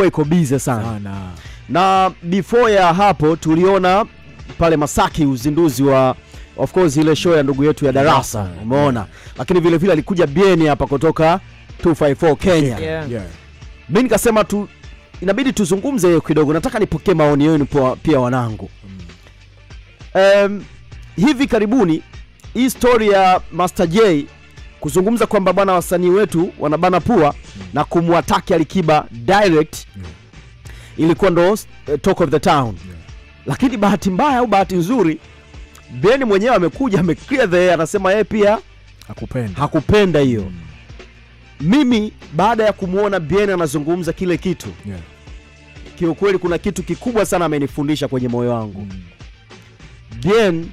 ilikuwa iko bize sana. sana na before ya hapo tuliona pale Masaki uzinduzi wa of course ile show ya ndugu yetu ya darasa umeona, lakini vile vile alikuja Bieni hapa kutoka 254 Kenya yeah. Yeah. Mimi nikasema tu inabidi tuzungumze hiyo kidogo, nataka nipokee maoni yenu pia wanangu. Um, hivi karibuni hii story ya Master J kuzungumza kwamba bwana wasanii wetu wanabana pua mm. na kumwataki Alikiba direct mm. ilikuwa ndo uh, talk of the town yeah. Lakini bahati mbaya au bahati nzuri, beni mwenyewe amekuja ameclear the anasema yeye pia hakupenda hakupenda hiyo mm. Mimi baada ya kumwona Bien anazungumza kile kitu yeah. Kiukweli kuna kitu kikubwa sana amenifundisha kwenye moyo wangu mm. Bien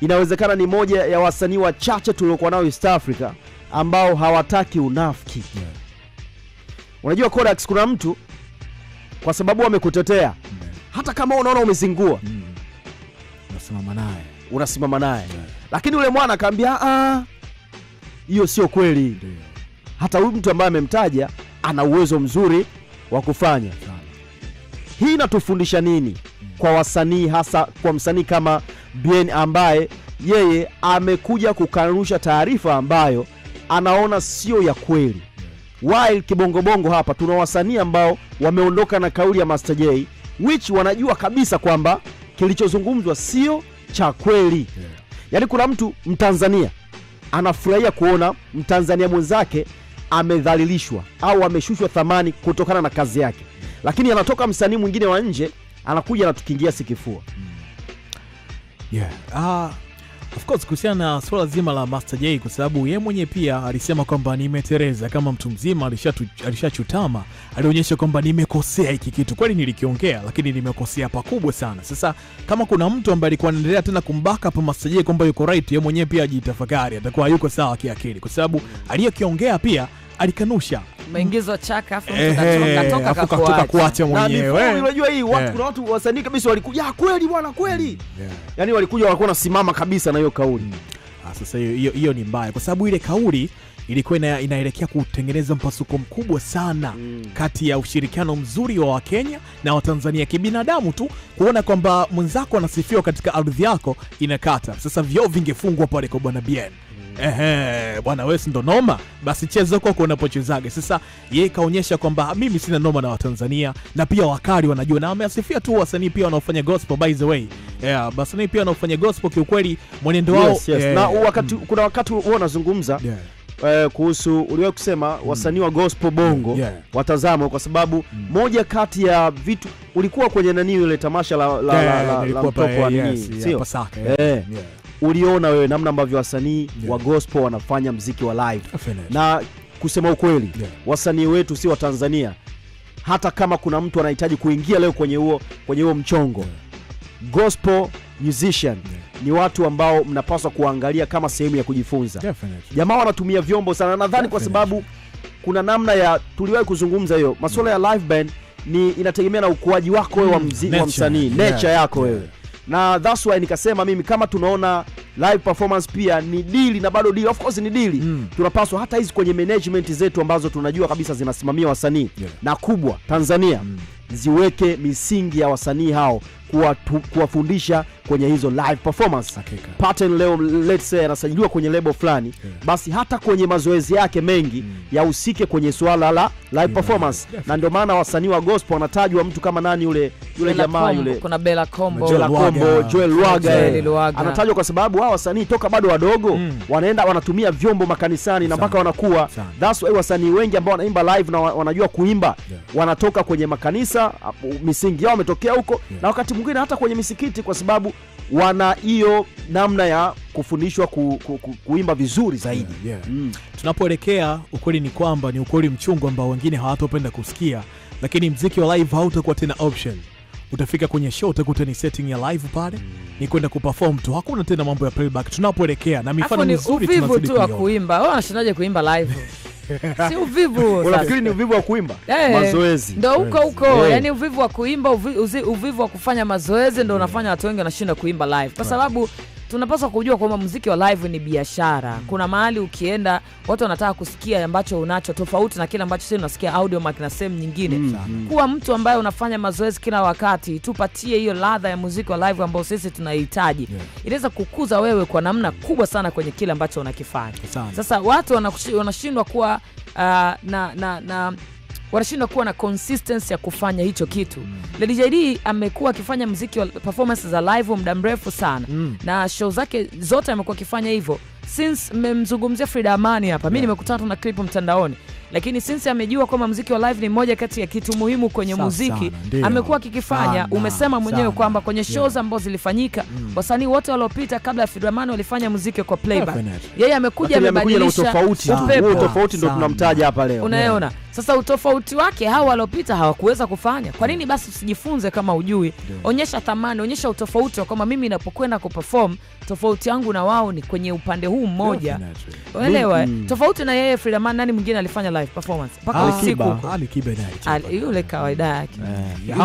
inawezekana ni moja ya wasanii wachache tuliokuwa nao East Africa ambao hawataki unafiki yeah. Unajua Kodak, kuna mtu kwa sababu amekutetea yeah. hata kama unaona umezingua mm. unasimama naye unasimama naye yeah. Lakini ule mwana akaambia ah, ah, hiyo sio kweli yeah. Hata huyu mtu ambaye amemtaja ana uwezo mzuri wa kufanya yeah. Hii inatufundisha nini mm, kwa wasanii hasa kwa msanii kama Bien ambaye yeye amekuja kukanusha taarifa ambayo anaona sio ya kweli. While kibongobongo hapa tuna wasanii ambao wameondoka na kauli ya Master J which wanajua kabisa kwamba kilichozungumzwa sio cha kweli. Yaani kuna mtu Mtanzania anafurahia kuona Mtanzania mwenzake amedhalilishwa au ameshushwa thamani kutokana na kazi yake, lakini anatoka msanii mwingine wa nje anakuja anatukingia sikifua. Mm yeah. Uh, of course kuhusiana na swala zima la Master J, kwa sababu ye mwenyewe pia alisema kwamba nimetereza kama mtu mzima, alishachutama, alionyesha kwamba nimekosea hiki kitu, kweli nilikiongea, lakini nimekosea pakubwa sana. Sasa kama kuna mtu ambaye alikuwa anaendelea tena kumbaka pa Master J kwamba yuko right, yeye mwenyewe pia ajitafakari, atakuwa yuko sawa kiakili, kwa sababu aliyekiongea pia alikanusha maingizo chaka afu katoka kuacha mwenyewe. Unajua hii watu, eh. kuna watu wasanii kabisa walikuja ah, kweli bwana kweli, mm, yani walikuja walikuwa nasimama kabisa na hiyo kauli. Mm. Ah, sasa hiyo hiyo ni mbaya, kwa sababu ile kauli ilikuwa ina, inaelekea kutengeneza mpasuko mkubwa sana mm, kati ya ushirikiano mzuri wa Wakenya na Watanzania kibinadamu tu, kuona kwamba mwenzako anasifiwa katika ardhi yako inakata. Sasa vyoo vingefungwa pale kwa Bwana Bien ehe, bwana wewe, si ndo noma? Basi cheza kwako unapochezaga. Sasa yeye kaonyesha kwamba mimi sina noma na Watanzania na pia wakali wanajua, na amewasifia tu wasanii pia wanaofanya gospel, by the way yeah, wasanii pia wanaofanya gospel kiukweli mwenendo wao yes, yes. Eh, na wakati, mm. kuna wakati huo unazungumza yeah. Eh, kuhusu uliwahi kusema mm. wasanii wa gospel bongo yeah. watazama kwa sababu mm. moja kati ya vitu ulikuwa kwenye nani ile tamasha la la, yeah, la, la, la mtoko wa nini yes, yeah, sio yeah, eh. yeah. yeah uliona wewe namna ambavyo wasanii yeah. wa gospel wanafanya mziki wa live Finish. na kusema ukweli yeah. wasanii wetu si wa Tanzania, hata kama kuna mtu anahitaji kuingia leo kwenye huo kwenye huo mchongo yeah. gospel musician yeah. ni watu ambao mnapaswa kuangalia kama sehemu ya kujifunza. Jamaa wanatumia vyombo sana, nadhani kwa sababu kuna namna ya tuliwahi kuzungumza hiyo masuala mm. ya live band ni inategemea na ukuaji wako wewe wa, wa msanii yeah. nature yako wewe yeah na that's why nikasema mimi kama tunaona live performance pia ni dili na bado dili, of course ni dili mm. tunapaswa hata hizi kwenye management zetu ambazo tunajua kabisa zinasimamia wasanii yeah. na kubwa Tanzania mm ziweke misingi ya wasanii hao kuwafundisha kwenye hizo live performance. leo let's say anasajiliwa kwenye lebo fulani yeah. Basi hata kwenye mazoezi yake mengi mm. yahusike kwenye suala la live yeah. performance yeah. na ndio maana wasanii wa gospel wanatajwa mtu kama nani yule yule jamaa yule, kuna Bella combo Bella combo Joel Lwaga eh. anatajwa kwa sababu hao wasanii toka bado wadogo mm. wanaenda wanatumia vyombo makanisani na mpaka wanakuwa. That's why wasanii wengi ambao wanaimba live na wanajua kuimba yeah. wanatoka kwenye makanisa kanisa misingi yao wametokea huko yeah. Na wakati mwingine hata kwenye misikiti, kwa sababu wana hiyo namna ya kufundishwa ku, ku, ku, kuimba vizuri zaidi yeah, yeah. Mm. Tunapoelekea ukweli ni kwamba ni ukweli mchungu ambao wengine hawatopenda kusikia, lakini mziki wa live hautakuwa tena option utafika kwenye show utakuta ni setting ya live pale, mm. ni kwenda kuperform tu, hakuna tena mambo ya playback. Tunapoelekea na mifano mizuri tu tunazidi kuimba, wao wanashindaje kuimba live? si uvivu. Unafikiri ni uvivu wa kuimba? Hey, eh, mazoezi ndo huko huko hey. Eh. Yani uvivu wa kuimba uvivu wa kufanya mazoezi ndo unafanya watu wengi wanashinda kuimba live kwa sababu tunapaswa kujua kwamba muziki wa live ni biashara. Mm. Kuna mahali ukienda, watu wanataka kusikia ambacho unacho, tofauti na kile ambacho sii unasikia audio mark na sehemu nyingine mm, mm. Kuwa mtu ambaye unafanya mazoezi kila wakati, tupatie hiyo ladha ya muziki wa live ambao sisi tunahitaji yeah. Inaweza kukuza wewe kwa namna kubwa sana kwenye kile ambacho unakifanya. Sasa watu wanashindwa kuwa uh, na, na, na wanashindwa kuwa na consistency ya kufanya hicho kitu. Mm. Lady Jaydee amekuwa akifanya mziki wa performance za live muda mrefu sana mm. na show zake zote amekuwa akifanya hivyo since. Mmemzungumzia Frida Amani hapa, mi yeah. nimekutana na clip mtandaoni lakini sinsi amejua kwamba mziki wa live ni moja kati ya kitu muhimu kwenye Sa, muziki amekuwa akikifanya. Umesema mwenyewe kwamba kwenye shows ambazo zilifanyika mm, wasanii wote waliopita kabla ya Fidramani walifanya muziki kwa playback, yeye amekuja amebadilisha upepo. Tofauti ndio tunamtaja hapa leo, unaona sasa utofauti wake hawa waliopita hawakuweza kufanya. Kwa nini basi usijifunze kama ujui? Onyesha thamani, onyesha utofauti wa kwamba mimi napokwenda kuperform tofauti yangu na wao ni kwenye upande huu mmoja, unaelewa? Mm. Tofauti na yeye Freeman, nani mwingine alifanya live yule kawaida yake eh,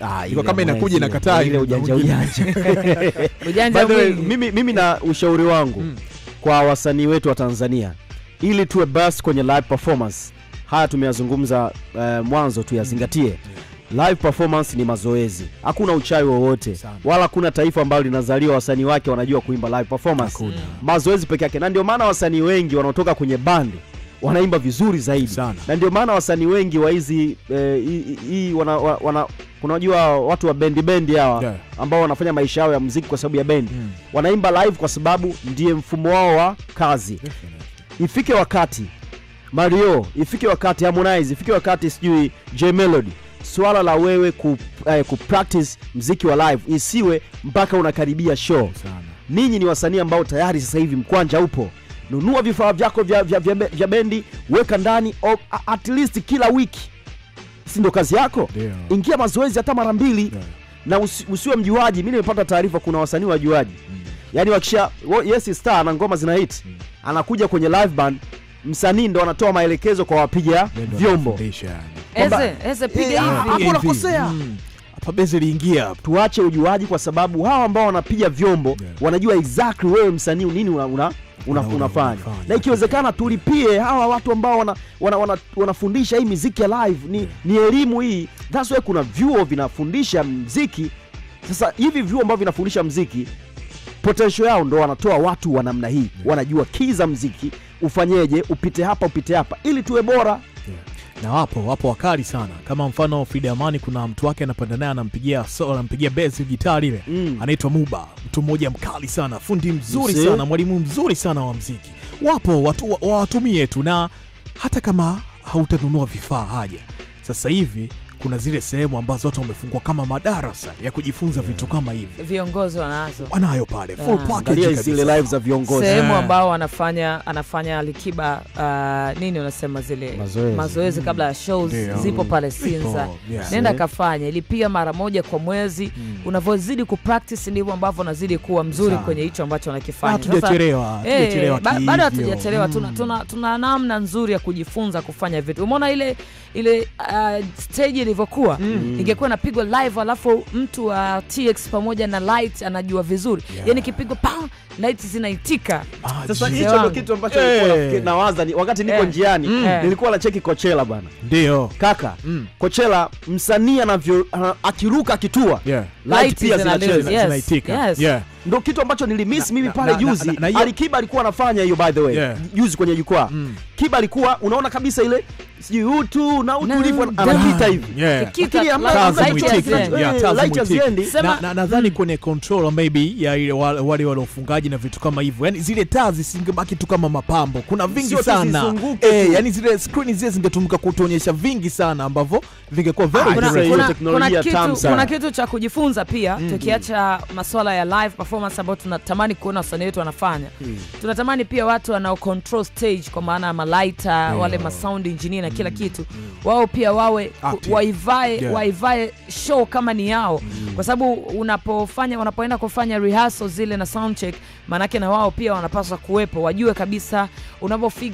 nayo ah, kama inakuja inakataamimi na ushauri wangu mm. kwa wasanii wetu wa Tanzania ili tuwe bas kwenye live performance haya tumeyazungumza uh, mwanzo tuyazingatie mm. live performance ni mazoezi hakuna uchawi wowote wala hakuna taifa ambalo linazaliwa wasanii wake wanajua kuimba live performance mazoezi peke yake na ndio maana wasanii wengi wanaotoka kwenye bandi wanaimba vizuri zaidi sana. Na ndio maana wasanii wengi wa hizi eh, wana, wana, watu wa bendi bendi hawa yeah, ambao wanafanya maisha yao ya muziki kwa sababu ya bendi mm, wanaimba live kwa sababu ndiye mfumo wao wa kazi Definitely. Ifike wakati Mario, ifike wakati Harmonize, ifike wakati sijui J Melody swala la wewe ku, eh, ku practice mziki wa live isiwe mpaka unakaribia show. Ninyi ni wasanii ambao tayari sasa hivi mkwanja upo nunua vifaa vyako vya, vya, vya, vya bendi weka ndani of, at least kila wiki si ndo kazi yako Deo. ingia mazoezi hata mara mbili yeah. na usi, usiwe mjuaji mi nimepata taarifa kuna wasanii wajuaji mm. yaani wakisha yes star na ngoma zina hit mm. anakuja kwenye live band msanii ndo anatoa maelekezo kwa wapiga vyombo hakuna eh, kosea mm hapa liingia, tuache ujuaji, kwa sababu hawa ambao wanapiga vyombo yeah. wanajua exactly wewe msanii nini una, una unafanya una, una, na ikiwezekana tulipie hawa watu ambao wanafundisha wana, wana, wana, wana hii miziki ya live ni, yeah. ni elimu hii. That's why kuna vyuo vinafundisha mziki. Sasa hivi vyuo ambavyo vinafundisha mziki potential yao ndo wanatoa watu wa namna hii yeah. wanajua kii za mziki ufanyeje, upite hapa upite hapa, ili tuwe bora yeah na wapo wapo wakali sana, kama mfano Frida Amani, kuna mtu wake anapanda naye anampigia so, anampigia besi gitari ile mm. anaitwa Muba, mtu mmoja mkali sana, fundi mzuri Mse. sana, mwalimu mzuri sana wa mziki. Wapo watu wawatumie tu, na hata kama hautanunua vifaa haja sasa hivi kuna zile sehemu ambazo watu wamefungua kama madarasa ya kujifunza yeah. vitu mm. kama hivi, viongozi wanazo wanayo pale yeah. full package zile live za viongozi sehemu yeah. ambao anafanya anafanya likiba uh, nini unasema zile mazoezi, kabla ya shows zipo pale Sinza yeah. nenda mm. kafanya ilipia mara moja kwa mwezi mm. unavyozidi practice ndivyo ambavyo unazidi kuwa mzuri kwenye hicho ambacho unakifanya. Ah, hatujachelewa, hatujachelewa eh, bado hatujachelewa, mm. tuna, tuna, tuna namna nzuri ya kujifunza kufanya vitu. Umeona ile ile uh, stage ilivyokuwa mm. ingekuwa napigwa live, alafu mtu wa TX pamoja na Light anajua vizuri yeah. Yani kipigwa pa Light zinaitika. Ah, sasa hicho ndio kitu ambacho hey. Eh. nawaza ni, wakati niko hey. Eh. njiani mm. hey. Eh. nilikuwa na cheki Coachella bana, ndio kaka mm. Coachella msanii anavyo akiruka akitua yeah. Light, pia zinaitika yes. yeah ndo kitu ambacho nilimiss mimi pale juzi. Alikiba alikuwa anafanya hiyo by the way yeah. juzi kwenye jukwaa mm. Kiba alikuwa unaona kabisa ile sijui na utulivu anapita hivi nadhani kwenye control maybe ya ile wale waliofungaji na vitu kama hivyo yani zile taa zisingebaki tu kama mapambo kuna vingi Sio sana e, yani zile screen zile zingetumika kutuonyesha vingi sana ambavyo vingekuwa very ah, kuna, kuna, kuna, kitu, kuna kitu cha kujifunza pia mm. hmm tukiacha masuala ya live performance ambayo tunatamani kuona wasanii wetu wanafanya mm. tunatamani pia watu wanao control stage kwa maana ya malaita mm. wale masound engineer na kila mm. kitu, wao pia wawe waivae yeah. waivae show kama ni yao mm kwa sababu unapofanya unapoenda kufanya rehearsal zile na soundcheck, maanake na wao pia wanapaswa kuwepo, wajue kabisa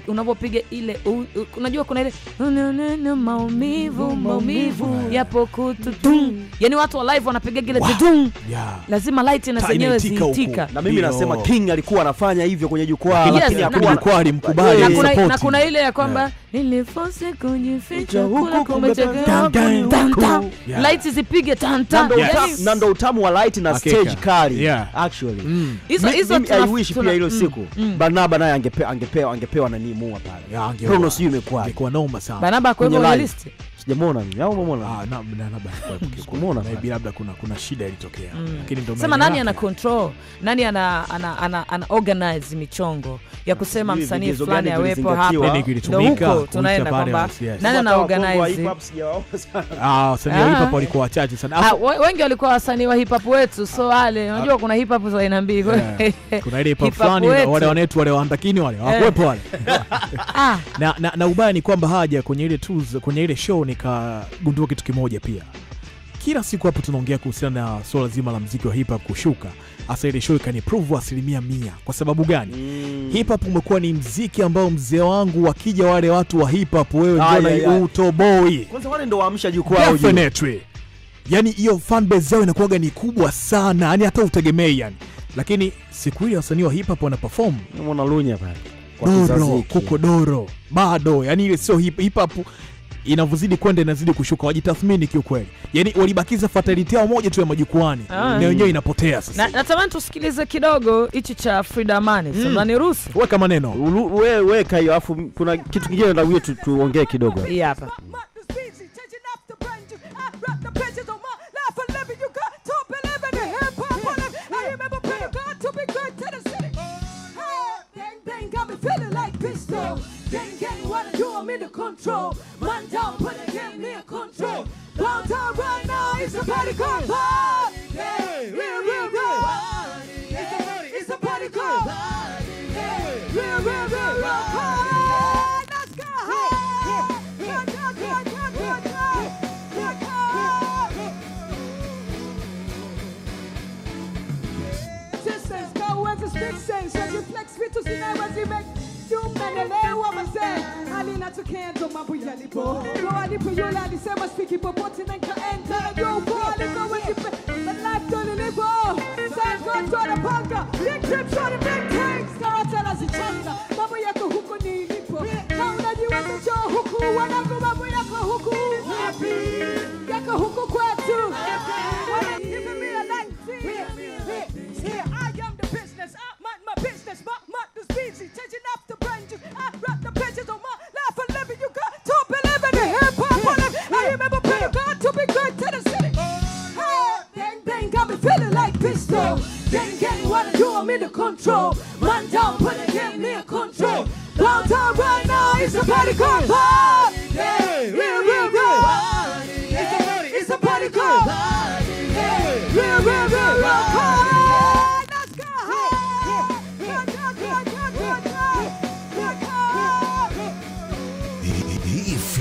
unavyopiga ile u, u, unajua kuna ile maumivu maumivu yapo kutu yani watu wa live wanapiga ile tutum, lazima light na zenyewe zitika Na mimi nasema King alikuwa anafanya hivyo kwenye jukwaa, lakini hakuna jukwaa alimkubali support, na kuna ile ya kwamba yeah nilifose light zipige tan tan na ndo utamu wa light na stage kali actually mm. hizo hizo I wish pia hilo mm, siku mm. Barnaba naye angepewa angepewa angepe, nani muua pale Kronos hiyo sana Barnaba kwa list sijamwona mimi au ah, labda kuna kuna shida ilitokea. Mm. nani ana control, nani ana ana ana, ana organize michongo ya kusema msanii fulani awepo yaani Tunaenda kwamba ah, ah. walikuwa wachache sana. Wengi walikuwa wasanii wa hip wetu, so ale unajua kuna hip za aina mbili. Kuna ile wale wanetu wale waandakini wale eh. wale. Na ubaya ni kwamba haja kwenye ile kwenye ile show ni nikagundua kitu kimoja pia kila siku hapo tunaongea kuhusiana na swala zima la mziki wa hip hop kushuka. Hasa ile show ikaniprove asilimia mia. Kwa sababu gani? Mm. Hip hop umekuwa ni mziki ambao mzee wangu wakija wale watu wa hip hop, wewe ndio na utoboi. Kwanza wale ndio waamsha jukwaa. Definitely. yani hiyo fan base yao inakuwa ni kubwa sana. yani hata utegemei yani. Lakini siku ile wasanii wa hip hop wana perform. Unaona lunya pale. kwa Doro, kokodoro bado, yani ile sio hip hop inavyozidi kwenda inazidi kushuka, wajitathmini kiukweli. Yani walibakiza fatality yao moja tu ya majukwani mm. na wenyewe inapotea sasa. Natamani na tusikilize kidogo hichi cha Frida Mane mm. Samaniruhusu weka maneno, weka hiyo, afu kuna kitu kingine na wewe tuongee kidogo hii hapa. what I do, I'm in the control. Man down, put a game near control. Downtown right now, it's a party called Party Day. Real, real, real. It's a party called Party Day. Real, real, real.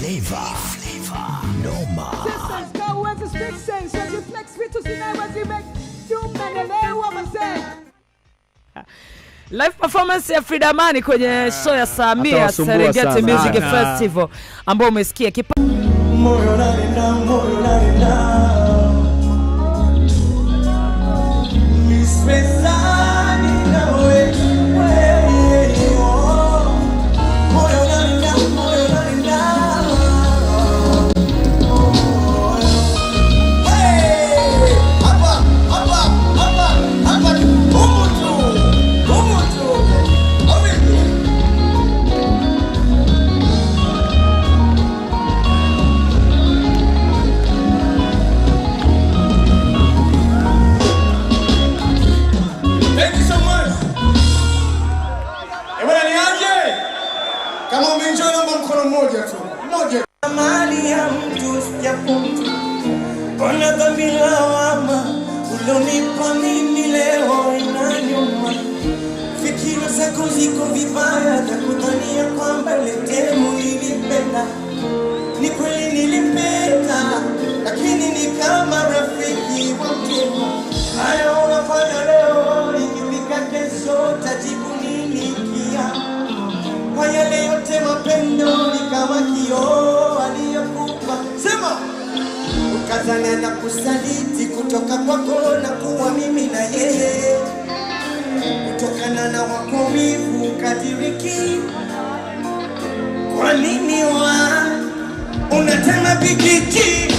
flavor. flavor. No more. This is go with the stick sense. When you flex me to see now as you make. say. Live performance ya Frida Mani kwenye ah, show ya Samia Serengeti Music ah, ah. Festival ambao umesikia kipa moyo na moyo na kukatana na kusaliti kutoka kwako na kuwa mimi na yeye, kutokana na wakomivu kadiriki. Kwa nini wa unatema bikiki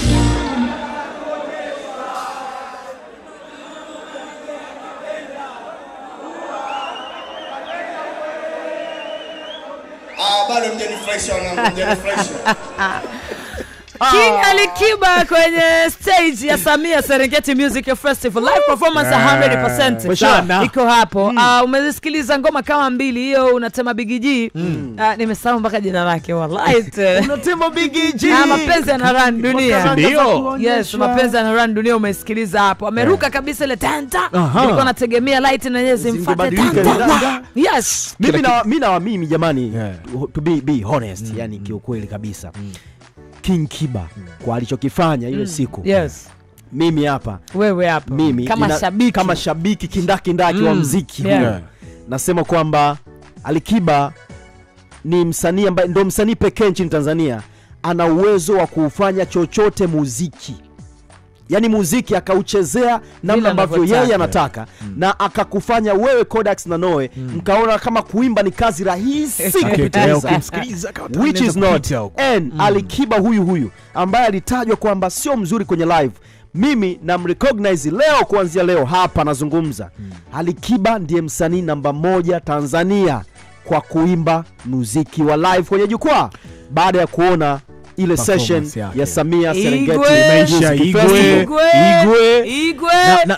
ah, bado mjanifurahisha wanangu, mjanifurahisha King ah. Alikiba kwenye stage ya Samia Serengeti Music Festival live performance 100% yeah. iko hapo. Mm. Uh, ah, umesikiliza ngoma kama mbili hiyo unatema bigiji Mm. Uh, ah, nimesahau mpaka jina lake wallahi. unatema bigiji Na mapenzi yana run dunia. Ndio. Yes, mapenzi yana run dunia umesikiliza hapo. Ameruka eh. kabisa ile tanta. Nilikuwa nategemea light na yeye zimfuate tanta. Yes. Mimi na mimi na mimi jamani. Yeah. To be be honest, mm. yani hmm. kiukweli kabisa. Mm King Kiba kwa alichokifanya ile mm. siku yes. mimi hapa wewe hapa mimi kama, ina, shabiki. kama shabiki ndaki mm. wa mziki yeah. yeah. nasema kwamba Alikiba ni msanii ambaye ndo msanii pekee nchini Tanzania ana uwezo wa kuufanya chochote muziki yani muziki akauchezea namna ambavyo yeye anataka mm. na akakufanya wewe Kodax na Noe mm. mkaona kama kuimba ni kazi rahisi kupitiliza which is not and mm. Alikiba huyu huyu ambaye alitajwa kwamba sio mzuri kwenye live mimi namrecognize leo, kuanzia leo hapa nazungumza mm. Alikiba ndiye msanii namba moja Tanzania kwa kuimba muziki wa live kwenye jukwaa baada ya kuona ile session ya Samia Serengeti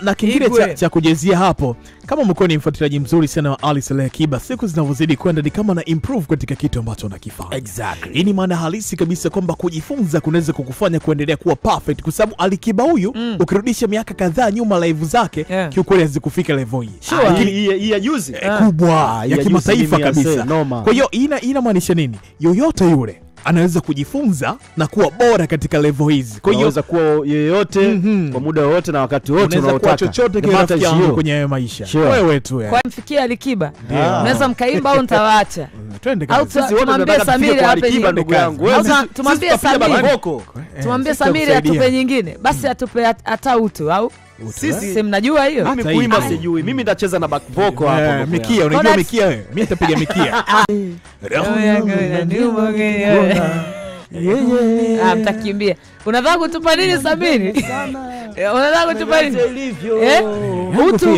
Na, kingine cha, cha kujezia hapo, kama umekuwa ni mfuatiliaji mzuri sana wa Ali Saleh Kiba, siku zinavyozidi kwenda ni kama na improve katika kitu ambacho anakifanya exactly. Hii ni maana halisi kabisa kwamba kujifunza kunaweza kukufanya kuendelea kuwa perfect, kwa sababu alikiba huyu mm. ukirudisha miaka kadhaa nyuma live zake yeah. kiukweli hazikufika level hii sure. Ah, hii ya juzi eh, kubwa ah, ya kimataifa kabisa. Kwa hiyo ina inamaanisha nini? Yoyote yule anaweza kujifunza na kuwa bora katika levo hizi. Kwa hiyo kuwa yeyote mm -hmm. kwa muda wowote na wakati wote chochote kile rafiki yangu kwenye maisha, wewe tu Kwa mfikia Alikiba unaweza mkaimba au nitawaacha, twende sisi wote tunataka Samiri ndugu yangu wewe, tumwambie Samiri, tumwambie Samiri atupe nyingine, basi atupe hata utu au sisi si eh? mnajua hiyo. Mimi kuimba sijui. Mimi nitacheza na back eh, vocal hapo. Mikia, unajua mikia wewe? Eh? Mimi nitapiga mikia. Roho yangu ah. ah, mtakimbia. Unataka kutupa nini sabini? Unataka kutupa nini? Utu.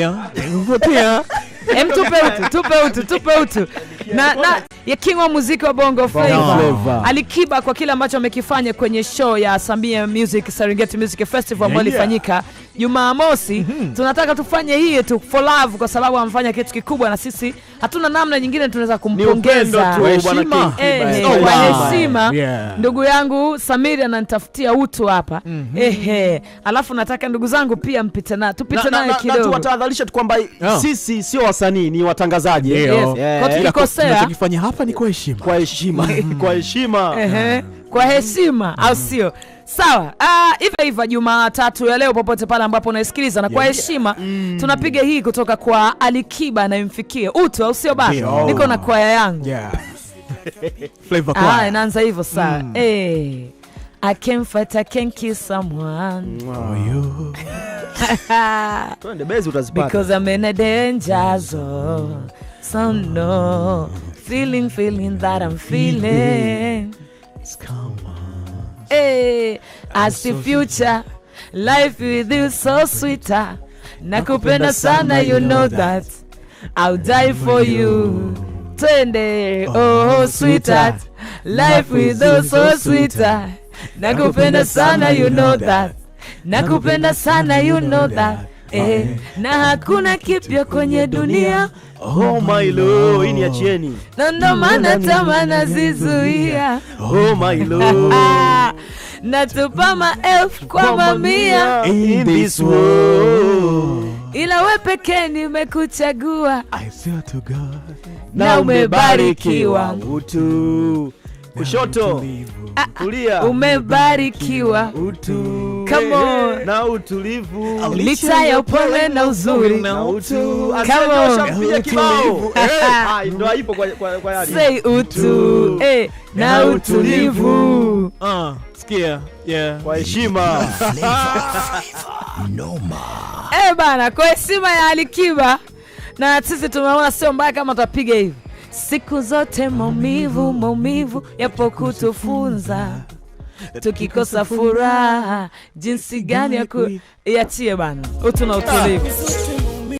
Tupe utu, tupe utu, tupe utu. Na, na ya king wa muziki wa Bongo Flava alikiba kwa kile ambacho amekifanya kwenye show ya sambia Music Serengeti Music Festival ambayo yeah, ilifanyika Jumamosi mm -hmm. tunataka tufanye hii tu for love, kwa sababu amefanya kitu kikubwa, na sisi hatuna namna nyingine tunaweza kumpongeza kwa heshima eh, oh, Ndugu yangu Samiri ananitafutia utu hapa mm -hmm. Ehe, alafu nataka ndugu zangu pia mpite na tupite naye kidogo, tuwatahadharishe tu kwamba oh. sisi sio wasanii, ni watangazaji yes. yeah. hapa ni kwa kwa heshima, kwa heshima, kwa heshima au mhm. sio? Sawa ah, hivyo hivyo, Jumatatu ya leo, popote pale ambapo unaisikiliza na kwa heshima yeah, yeah. mm. tunapiga hii kutoka kwa Alikiba anayemfikia utu, au sio bana? Niko na kwaya yangu yeah. Flavor ah, kwaya inaanza hivyo saa mm. hey. Eh. I can fight, I can kiss someone. Oh, You. Because I'm in a danger zone. So no, Feeling, feeling that I'm feeling. It's Come on hey, as the future life with you so sweeter nakupenda sana you know that I'll die for you twende oh, oh, oh sweetheart life with you so sweeter nakupenda sana you know that nakupenda sana you know that Eh, ah, eh, na hakuna kipya kwenye dunia Oh my lord, hii ni achieni. Na ndo maana Oh my lord. Natupa maelfu kwa mamia. In this world. Ila we pekee nimekuchagua. I to God. Na umebarikiwa. Utu. Kushoto. Ah, ah, kulia. Umebarikiwa. Utu. Come on. Na utulivu. Licha ya upole na uzuri. Na utu. Come on. kwa Say utu. Eh, na utulivu. Ah, sikia. Yeah. Kwa heshima. Noma. Eh, bana, kwa heshima ya Alikiba. Na sisi tumeona sio mbaya kama tutapiga hivi. Siku zote maumivu, maumivu yapo kutufunza tukikosa furaha jinsi gani ya kuiachie bana utu na utulivu ah.